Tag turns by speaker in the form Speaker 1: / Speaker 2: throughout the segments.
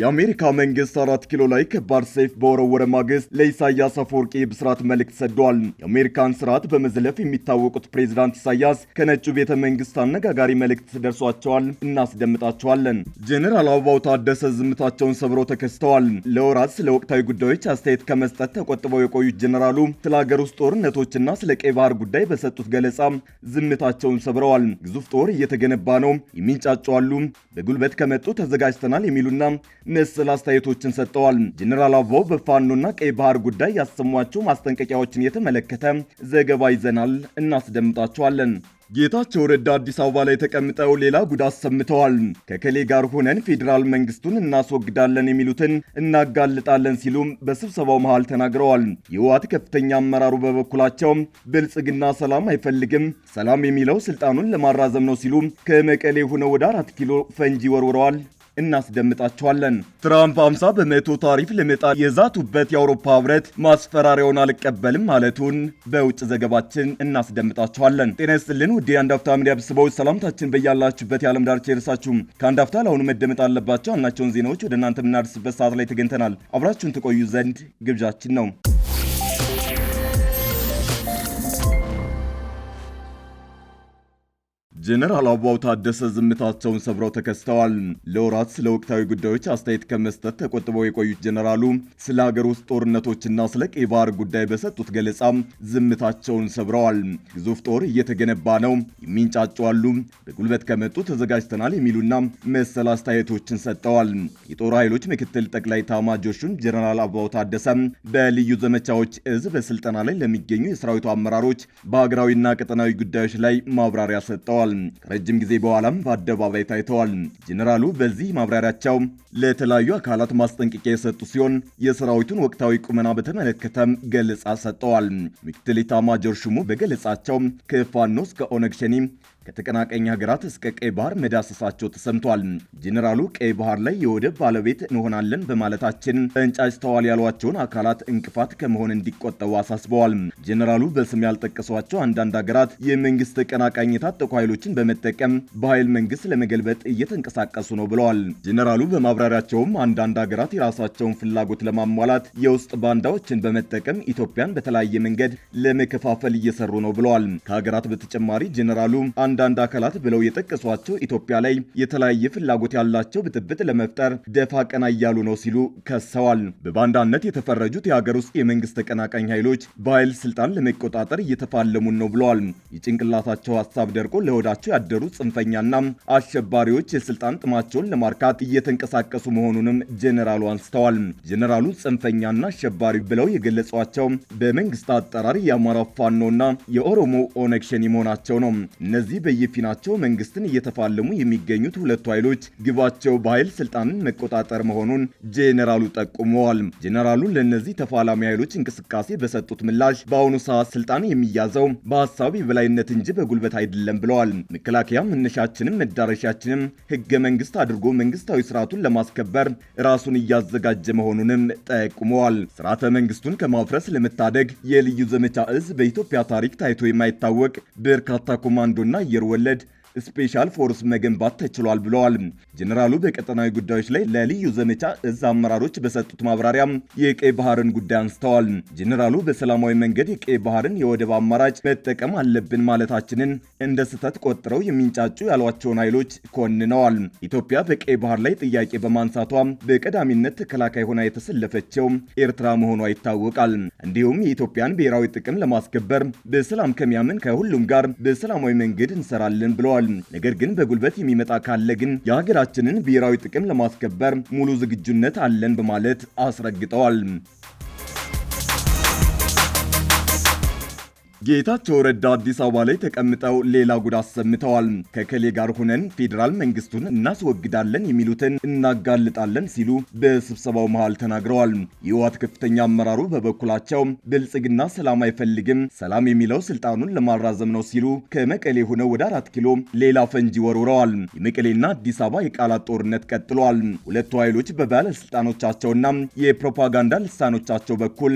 Speaker 1: የአሜሪካ መንግስት አራት ኪሎ ላይ ከባድ ሰይፍ በወረወረ ማግስት ለኢሳያስ አፈወርቂ የብስራት መልእክት ሰዷል። የአሜሪካን ስርዓት በመዝለፍ የሚታወቁት ፕሬዚዳንት ኢሳያስ ከነጩ ቤተ መንግስት አነጋጋሪ መልእክት ደርሷቸዋል። እናስደምጣቸዋለን። ጀኔራል አበባው ታደሰ ዝምታቸውን ሰብረው ተከስተዋል። ለወራት ስለ ወቅታዊ ጉዳዮች አስተያየት ከመስጠት ተቆጥበው የቆዩት ጀኔራሉ ስለ ሀገር ውስጥ ጦርነቶችና ስለ ቀይ ባህር ጉዳይ በሰጡት ገለጻ ዝምታቸውን ሰብረዋል። ግዙፍ ጦር እየተገነባ ነው፣ የሚንጫጩ አሉ፣ በጉልበት ከመጡ ተዘጋጅተናል የሚሉና ምስል አስተያየቶችን ሰጥተዋል። ጀኔራል አበባው በፋኖና ቀይ ባህር ጉዳይ ያሰሟቸው ማስጠንቀቂያዎችን የተመለከተ ዘገባ ይዘናል፣ እናስደምጣቸዋለን። ጌታቸው ረዳ አዲስ አበባ ላይ ተቀምጠው ሌላ ጉድ አሰምተዋል። ከከሌ ጋር ሆነን ፌዴራል መንግስቱን እናስወግዳለን የሚሉትን እናጋልጣለን ሲሉም በስብሰባው መሃል ተናግረዋል። የህወሓት ከፍተኛ አመራሩ በበኩላቸው ብልጽግና ሰላም አይፈልግም፣ ሰላም የሚለው ስልጣኑን ለማራዘም ነው ሲሉ ከመቀሌ ሆነው ወደ አራት ኪሎ ፈንጂ ወርውረዋል። እናስደምጣቸዋለን። ትራምፕ 50 በመቶ ታሪፍ ለመጣል የዛቱበት የአውሮፓ ህብረት ማስፈራሪያውን አልቀበልም ማለቱን በውጭ ዘገባችን እናስደምጣቸዋለን። ጤና ይስጥልን ውድ የአንድ አፍታ ሚዲያ ቤተሰቦች ሰላምታችን በያላችሁበት የዓለም ዳርቻ ይድረሳችሁ። ከአንድ አፍታ ለአሁኑ መደመጥ አለባቸው ያልናቸውን ዜናዎች ወደ እናንተ የምናደርስበት ሰዓት ላይ ተገኝተናል። አብራችሁን ትቆዩ ዘንድ ግብዣችን ነው። ጀነራል አበባው ታደሰ ዝምታቸውን ሰብረው ተከስተዋል። ለወራት ስለ ወቅታዊ ጉዳዮች አስተያየት ከመስጠት ተቆጥበው የቆዩት ጀኔራሉ ስለ ሀገር ውስጥ ጦርነቶችና ስለ ቀይ ባህር ጉዳይ በሰጡት ገለጻ ዝምታቸውን ሰብረዋል። ግዙፍ ጦር እየተገነባ ነው፣ የሚንጫጩ አሉ፣ በጉልበት ከመጡ ተዘጋጅተናል የሚሉና መሰል አስተያየቶችን ሰጠዋል። የጦር ኃይሎች ምክትል ጠቅላይ ኤታማዦር ሹም ጀኔራል አበባው ታደሰ በልዩ ዘመቻዎች እዝ በስልጠና ላይ ለሚገኙ የሰራዊቱ አመራሮች በሀገራዊና ቀጠናዊ ጉዳዮች ላይ ማብራሪያ ሰጥተዋል። ተናግረዋል። ረጅም ጊዜ በኋላም በአደባባይ ታይተዋል። ጄኔራሉ በዚህ ማብራሪያቸው ለተለያዩ አካላት ማስጠንቀቂያ የሰጡ ሲሆን የሰራዊቱን ወቅታዊ ቁመና በተመለከተም ገለጻ ሰጠዋል። ምክትል ኢታማጆር ሹሙ በገለጻቸው ከፋኖ እስከ ኦነግ ከተቀናቃኝ ሀገራት እስከ ቀይ ባህር መዳሰሳቸው ተሰምቷል። ጄኔራሉ ቀይ ባህር ላይ የወደብ ባለቤት እንሆናለን በማለታችን ተንጫጭተዋል ያሏቸውን አካላት እንቅፋት ከመሆን እንዲቆጠቡ አሳስበዋል። ጄኔራሉ በስም ያልጠቀሷቸው አንዳንድ ሀገራት የመንግስት ተቀናቃኝ የታጠቁ ኃይሎችን በመጠቀም በኃይል መንግስት ለመገልበጥ እየተንቀሳቀሱ ነው ብለዋል። ጄኔራሉ በማብራሪያቸውም አንዳንድ ሀገራት የራሳቸውን ፍላጎት ለማሟላት የውስጥ ባንዳዎችን በመጠቀም ኢትዮጵያን በተለያየ መንገድ ለመከፋፈል እየሰሩ ነው ብለዋል። ከሀገራት በተጨማሪ ጄኔራሉ አንዳንድ አካላት ብለው የጠቀሷቸው ኢትዮጵያ ላይ የተለያየ ፍላጎት ያላቸው ብጥብጥ ለመፍጠር ደፋ ቀና እያሉ ነው ሲሉ ከሰዋል። በባንዳነት የተፈረጁት የሀገር ውስጥ የመንግስት ተቀናቃኝ ኃይሎች በኃይል ስልጣን ለመቆጣጠር እየተፋለሙን ነው ብለዋል። የጭንቅላታቸው ሀሳብ ደርቆ ለሆዳቸው ያደሩ ጽንፈኛና አሸባሪዎች የስልጣን ጥማቸውን ለማርካት እየተንቀሳቀሱ መሆኑንም ጄኔራሉ አንስተዋል። ጄኔራሉ ጽንፈኛና አሸባሪ ብለው የገለጿቸው በመንግስት አጠራር የአማራ ፋኖና የኦሮሞ ኦነግ ሸኔ መሆናቸው ነው። እነዚህ በየፊናቸው መንግስትን እየተፋለሙ የሚገኙት ሁለቱ ኃይሎች ግባቸው በኃይል ስልጣንን መቆጣጠር መሆኑን ጄኔራሉ ጠቁመዋል። ጄኔራሉ ለእነዚህ ተፋላሚ ኃይሎች እንቅስቃሴ በሰጡት ምላሽ በአሁኑ ሰዓት ስልጣን የሚያዘው በሀሳብ የበላይነት እንጂ በጉልበት አይደለም ብለዋል። መከላከያ መነሻችንም መዳረሻችንም ህገ መንግስት አድርጎ መንግስታዊ ስርዓቱን ለማስከበር ራሱን እያዘጋጀ መሆኑንም ጠቁመዋል። ስርዓተ መንግስቱን ከማፍረስ ለመታደግ የልዩ ዘመቻ እዝ በኢትዮጵያ ታሪክ ታይቶ የማይታወቅ በርካታ ኮማንዶና يرولد ስፔሻል ፎርስ መገንባት ተችሏል ብለዋል። ጀኔራሉ በቀጠናዊ ጉዳዮች ላይ ለልዩ ዘመቻ እዝ አመራሮች በሰጡት ማብራሪያ የቀይ ባህርን ጉዳይ አንስተዋል። ጀኔራሉ በሰላማዊ መንገድ የቀይ ባህርን የወደብ አማራጭ መጠቀም አለብን ማለታችንን እንደ ስህተት ቆጥረው የሚንጫጩ ያሏቸውን ኃይሎች ኮንነዋል። ኢትዮጵያ በቀይ ባህር ላይ ጥያቄ በማንሳቷ በቀዳሚነት ተከላካይ ሆና የተሰለፈችው ኤርትራ መሆኗ ይታወቃል። እንዲሁም የኢትዮጵያን ብሔራዊ ጥቅም ለማስከበር በሰላም ከሚያምን ከሁሉም ጋር በሰላማዊ መንገድ እንሰራለን ብለዋል። ተናግረዋል። ነገር ግን በጉልበት የሚመጣ ካለ ግን የሀገራችንን ብሔራዊ ጥቅም ለማስከበር ሙሉ ዝግጁነት አለን በማለት አስረግጠዋል። ጌታቸው ረዳ አዲስ አበባ ላይ ተቀምጠው ሌላ ጉድ አሰምተዋል። ከከሌ ጋር ሆነን ፌዴራል መንግስቱን እናስወግዳለን የሚሉትን እናጋልጣለን ሲሉ በስብሰባው መሃል ተናግረዋል። የህወሓት ከፍተኛ አመራሩ በበኩላቸው ብልጽግና ሰላም አይፈልግም፣ ሰላም የሚለው ስልጣኑን ለማራዘም ነው ሲሉ ከመቀሌ ሆነው ወደ አራት ኪሎ ሌላ ፈንጂ ወርውረዋል። የመቀሌና አዲስ አበባ የቃላት ጦርነት ቀጥሏል። ሁለቱ ኃይሎች በባለስልጣኖቻቸውና የፕሮፓጋንዳ ልሳኖቻቸው በኩል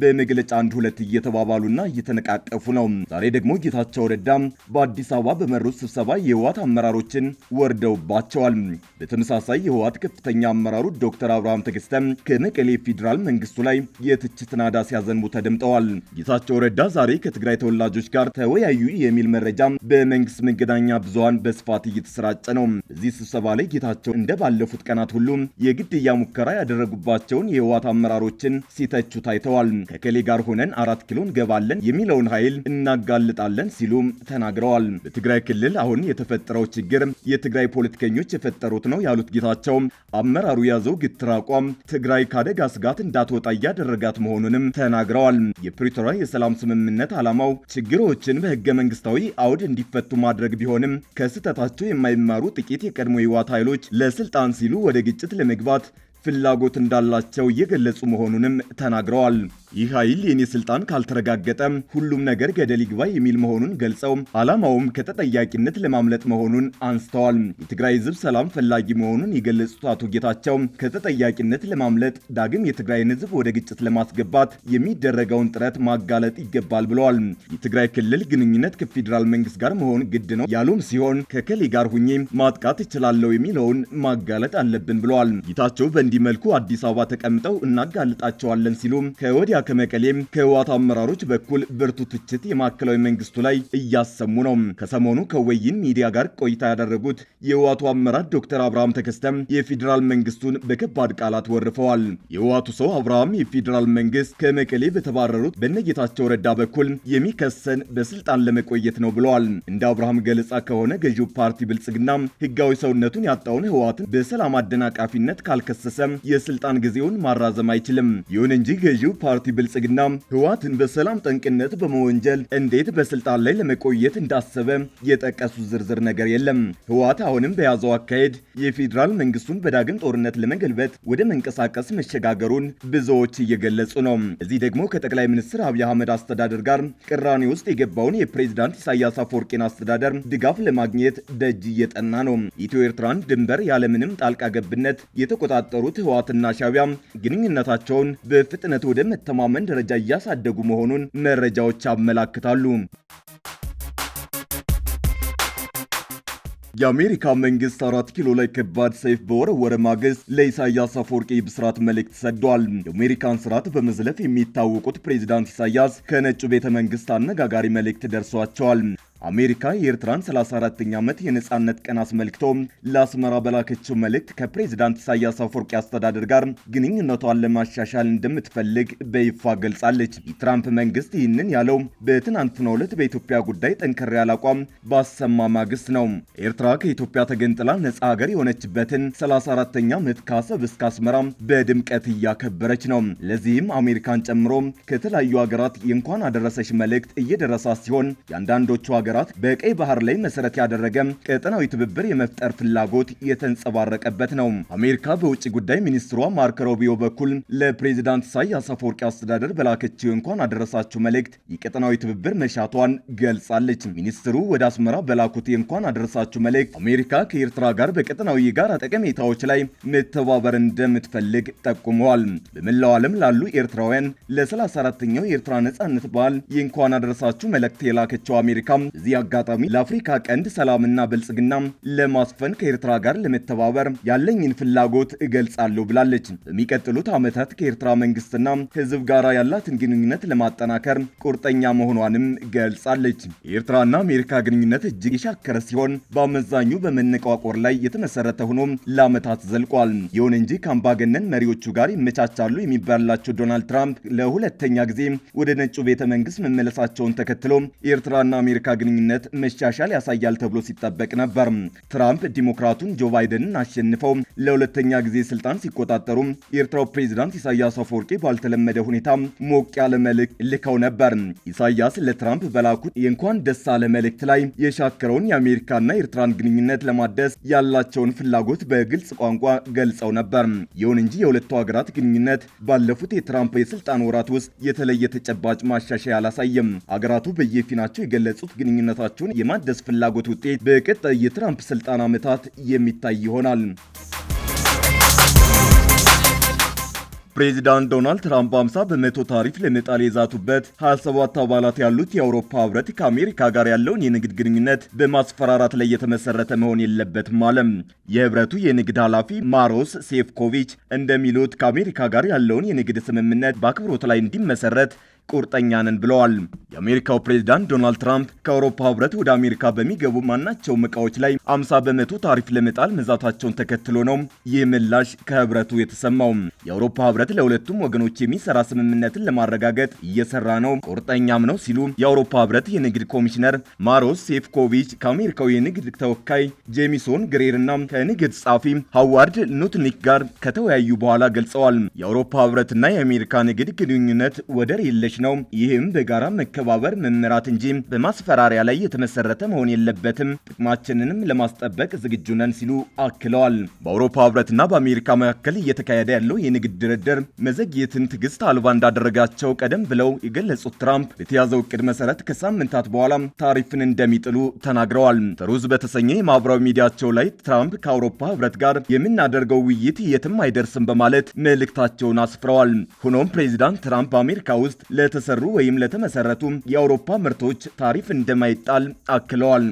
Speaker 1: በመግለጫ አንድ ሁለት እየተባባሉና እየተነቃቀፉ ነው። ዛሬ ደግሞ ጌታቸው ረዳ በአዲስ አበባ በመሩት ስብሰባ የህወሓት አመራሮችን ወርደውባቸዋል። በተመሳሳይ የህወሓት ከፍተኛ አመራሩ ዶክተር አብርሃም ተገስተ ከመቀሌ ፌዴራል መንግስቱ ላይ የትችት ናዳ ሲያዘንቡ ተደምጠዋል። ጌታቸው ረዳ ዛሬ ከትግራይ ተወላጆች ጋር ተወያዩ የሚል መረጃ በመንግስት መገናኛ ብዙሃን በስፋት እየተሰራጨ ነው። በዚህ ስብሰባ ላይ ጌታቸው እንደ ባለፉት ቀናት ሁሉ የግድያ ሙከራ ያደረጉባቸውን የህወሓት አመራሮችን ሲተቹ ታይተዋል። ከከሌ ጋር ሆነን አራት ኪሎ እንገባለን የሚለውን ኃይል እናጋልጣለን ሲሉም ተናግረዋል። በትግራይ ክልል አሁን የተፈጠረው ችግር የትግራይ ፖለቲከኞች የፈጠሩት ነው ያሉት ጌታቸው አመራሩ ያዘው ግትር አቋም ትግራይ ከአደጋ ስጋት እንዳትወጣ እያደረጋት መሆኑንም ተናግረዋል። የፕሪቶሪያ የሰላም ስምምነት ዓላማው ችግሮችን በህገ መንግስታዊ አውድ እንዲፈቱ ማድረግ ቢሆንም ከስህተታቸው የማይማሩ ጥቂት የቀድሞ የህወሓት ኃይሎች ለስልጣን ሲሉ ወደ ግጭት ለመግባት ፍላጎት እንዳላቸው እየገለጹ መሆኑንም ተናግረዋል። ይህ ኃይል የኔ ስልጣን ካልተረጋገጠ ሁሉም ነገር ገደል ይግባ የሚል መሆኑን ገልጸው ዓላማውም ከተጠያቂነት ለማምለጥ መሆኑን አንስተዋል። የትግራይ ህዝብ ሰላም ፈላጊ መሆኑን የገለጹት አቶ ጌታቸው ከተጠያቂነት ለማምለጥ ዳግም የትግራይን ህዝብ ወደ ግጭት ለማስገባት የሚደረገውን ጥረት ማጋለጥ ይገባል ብለዋል። የትግራይ ክልል ግንኙነት ከፌዴራል መንግስት ጋር መሆን ግድ ነው ያሉም ሲሆን ከከሌ ጋር ሁኜ ማጥቃት እችላለሁ የሚለውን ማጋለጥ አለብን ብለዋል። ጌታቸው በእንዲህ መልኩ አዲስ አበባ ተቀምጠው እናጋልጣቸዋለን ሲሉ ከወዲ ራያ ከመቀሌም ከህወሓት አመራሮች በኩል ብርቱ ትችት የማዕከላዊ መንግስቱ ላይ እያሰሙ ነው። ከሰሞኑ ከወይን ሚዲያ ጋር ቆይታ ያደረጉት የህወሓቱ አመራር ዶክተር አብርሃም ተከስተም የፌዴራል መንግስቱን በከባድ ቃላት ወርፈዋል። የህወሓቱ ሰው አብርሃም የፌዴራል መንግስት ከመቀሌ በተባረሩት በነጌታቸው ረዳ በኩል የሚከሰን በስልጣን ለመቆየት ነው ብለዋል። እንደ አብርሃም ገለጻ ከሆነ ገዢው ፓርቲ ብልጽግና ህጋዊ ሰውነቱን ያጣውን ህወሓትን በሰላም አደናቃፊነት ካልከሰሰም የስልጣን ጊዜውን ማራዘም አይችልም። ይሁን እንጂ ገዢው ፓርቲ ፓርቲ ብልጽግና ህወሓትን በሰላም ጠንቅነት በመወንጀል እንዴት በስልጣን ላይ ለመቆየት እንዳሰበ የጠቀሱ ዝርዝር ነገር የለም። ህወሓት አሁንም በያዘው አካሄድ የፌዴራል መንግስቱን በዳግም ጦርነት ለመገልበጥ ወደ መንቀሳቀስ መሸጋገሩን ብዙዎች እየገለጹ ነው። እዚህ ደግሞ ከጠቅላይ ሚኒስትር አብይ አህመድ አስተዳደር ጋር ቅራኔ ውስጥ የገባውን የፕሬዚዳንት ኢሳያስ አፈወርቂን አስተዳደር ድጋፍ ለማግኘት ደጅ እየጠና ነው። ኢትዮ ኤርትራን ድንበር ያለምንም ጣልቃ ገብነት የተቆጣጠሩት ህወሓትና ሻቢያ ግንኙነታቸውን በፍጥነት ወደ መተማ የመተማመን ደረጃ እያሳደጉ መሆኑን መረጃዎች አመላክታሉ። የአሜሪካ መንግስት አራት ኪሎ ላይ ከባድ ሰይፍ በወረወረ ማግስት ለኢሳያስ አፈወርቂ ብስራት መልእክት ሰዷል። የአሜሪካን ስርዓት በመዝለፍ የሚታወቁት ፕሬዚዳንት ኢሳያስ ከነጩ ቤተ መንግስት አነጋጋሪ መልእክት ደርሷቸዋል። አሜሪካ የኤርትራን 34ኛ ዓመት የነጻነት ቀን አስመልክቶ ለአስመራ በላከችው መልእክት ከፕሬዚዳንት ኢሳያስ አፈወርቂ አስተዳደር ጋር ግንኙነቷን ለማሻሻል እንደምትፈልግ በይፋ ገልጻለች። የትራምፕ መንግስት ይህንን ያለው በትናንትናው ዕለት በኢትዮጵያ ጉዳይ ጠንከር ያለ አቋም ባሰማ ማግስት ነው። ኤርትራ ከኢትዮጵያ ተገንጥላ ነጻ ሀገር የሆነችበትን 34ኛ ዓመት ከአሰብ እስከ አስመራ በድምቀት እያከበረች ነው። ለዚህም አሜሪካን ጨምሮ ከተለያዩ ሀገራት የእንኳን አደረሰች መልእክት እየደረሳ ሲሆን የአንዳንዶቹ ሀገራት ሀገራት በቀይ ባህር ላይ መሰረት ያደረገ ቀጠናዊ ትብብር የመፍጠር ፍላጎት የተንጸባረቀበት ነው። አሜሪካ በውጭ ጉዳይ ሚኒስትሯ ማርክ ሮቢዮ በኩል ለፕሬዚዳንት ኢሳያስ አፈወርቂ አስተዳደር በላከችው እንኳን አደረሳችሁ መልእክት የቀጠናዊ ትብብር መሻቷን ገልጻለች። ሚኒስትሩ ወደ አስመራ በላኩት የእንኳን አደረሳችሁ መልእክት አሜሪካ ከኤርትራ ጋር በቀጠናዊ የጋራ ጠቀሜታዎች ላይ መተባበር እንደምትፈልግ ጠቁመዋል። በመላው ዓለም ላሉ ኤርትራውያን ለ34ኛው የኤርትራ ነጻነት በዓል የእንኳን አደረሳችሁ መልእክት የላከችው አሜሪካ በዚህ አጋጣሚ ለአፍሪካ ቀንድ ሰላምና ብልጽግና ለማስፈን ከኤርትራ ጋር ለመተባበር ያለኝን ፍላጎት እገልጻለሁ ብላለች። በሚቀጥሉት ዓመታት ከኤርትራ መንግስትና ህዝብ ጋር ያላትን ግንኙነት ለማጠናከር ቁርጠኛ መሆኗንም ገልጻለች። የኤርትራና አሜሪካ ግንኙነት እጅግ የሻከረ ሲሆን በአመዛኙ በመነቋቆር ላይ የተመሰረተ ሆኖ ለዓመታት ዘልቋል። ይሁን እንጂ ከአምባገነን መሪዎቹ ጋር ይመቻቻሉ የሚባላቸው ዶናልድ ትራምፕ ለሁለተኛ ጊዜ ወደ ነጩ ቤተ መንግስት መመለሳቸውን ተከትሎ የኤርትራና አሜሪካ ግንኙነት መሻሻል ያሳያል ተብሎ ሲጠበቅ ነበር። ትራምፕ ዲሞክራቱን ጆ ባይደንን አሸንፈው ለሁለተኛ ጊዜ ስልጣን ሲቆጣጠሩ የኤርትራው ፕሬዚዳንት ኢሳያስ አፈወርቂ ባልተለመደ ሁኔታ ሞቅ ያለ መልእክት ልከው ነበር። ኢሳያስ ለትራምፕ በላኩት የእንኳን ደስ አለ መልእክት ላይ የሻከረውን የአሜሪካና የኤርትራን ግንኙነት ለማደስ ያላቸውን ፍላጎት በግልጽ ቋንቋ ገልጸው ነበር። ይሁን እንጂ የሁለቱ ሀገራት ግንኙነት ባለፉት የትራምፕ የስልጣን ወራት ውስጥ የተለየ ተጨባጭ ማሻሻያ አላሳየም። ሀገራቱ በየፊናቸው የገለጹት ግንኙነት ግንኙነታቸውን የማደስ ፍላጎት ውጤት በቀጣይ የትራምፕ ስልጣን ዓመታት የሚታይ ይሆናል። ፕሬዚዳንት ዶናልድ ትራምፕ 50 በመቶ ታሪፍ ለመጣል የዛቱበት 27 አባላት ያሉት የአውሮፓ ህብረት ከአሜሪካ ጋር ያለውን የንግድ ግንኙነት በማስፈራራት ላይ የተመሰረተ መሆን የለበትም አለም። የህብረቱ የንግድ ኃላፊ ማሮስ ሴፍኮቪች እንደሚሉት ከአሜሪካ ጋር ያለውን የንግድ ስምምነት በአክብሮት ላይ እንዲመሰረት ቁርጠኛ ነን ብለዋል። የአሜሪካው ፕሬዚዳንት ዶናልድ ትራምፕ ከአውሮፓ ህብረት ወደ አሜሪካ በሚገቡ ማናቸውም እቃዎች ላይ 50 በመቶ ታሪፍ ለመጣል መዛታቸውን ተከትሎ ነው ይህ ምላሽ ከህብረቱ የተሰማው። የአውሮፓ ህብረት ለሁለቱም ወገኖች የሚሰራ ስምምነትን ለማረጋገጥ እየሰራ ነው፣ ቁርጠኛም ነው ሲሉ የአውሮፓ ህብረት የንግድ ኮሚሽነር ማሮስ ሴፍኮቪች ከአሜሪካው የንግድ ተወካይ ጄሚሶን ግሬርና ከንግድ ጻፊ ሃዋርድ ኑትኒክ ጋር ከተወያዩ በኋላ ገልጸዋል። የአውሮፓ ህብረትና የአሜሪካ ንግድ ግንኙነት ወደር የለሽ እያደረገች ነው። ይህም በጋራ መከባበር መመራት እንጂ በማስፈራሪያ ላይ የተመሰረተ መሆን የለበትም። ጥቅማችንንም ለማስጠበቅ ዝግጁ ነን ሲሉ አክለዋል። በአውሮፓ ህብረትና በአሜሪካ መካከል እየተካሄደ ያለው የንግድ ድርድር መዘግየትን ትዕግስት አልባ እንዳደረጋቸው ቀደም ብለው የገለጹት ትራምፕ በተያዘው እቅድ መሰረት ከሳምንታት በኋላ ታሪፍን እንደሚጥሉ ተናግረዋል። ትሩዝ በተሰኘ የማህበራዊ ሚዲያቸው ላይ ትራምፕ ከአውሮፓ ህብረት ጋር የምናደርገው ውይይት የትም አይደርስም በማለት መልእክታቸውን አስፍረዋል። ሆኖም ፕሬዚዳንት ትራምፕ በአሜሪካ ውስጥ ለ ለተሰሩ ወይም ለተመሰረቱ የአውሮፓ ምርቶች ታሪፍ እንደማይጣል አክለዋል።